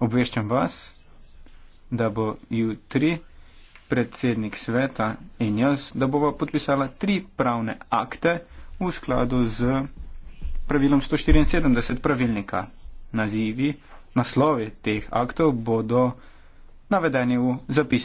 Obveščam vas, da bo jutri predsednik sveta in jaz, da bova podpisala tri pravne akte v skladu z pravilom 174 pravilnika. Nazivi, naslovi teh aktov bodo navedeni v zapisnik.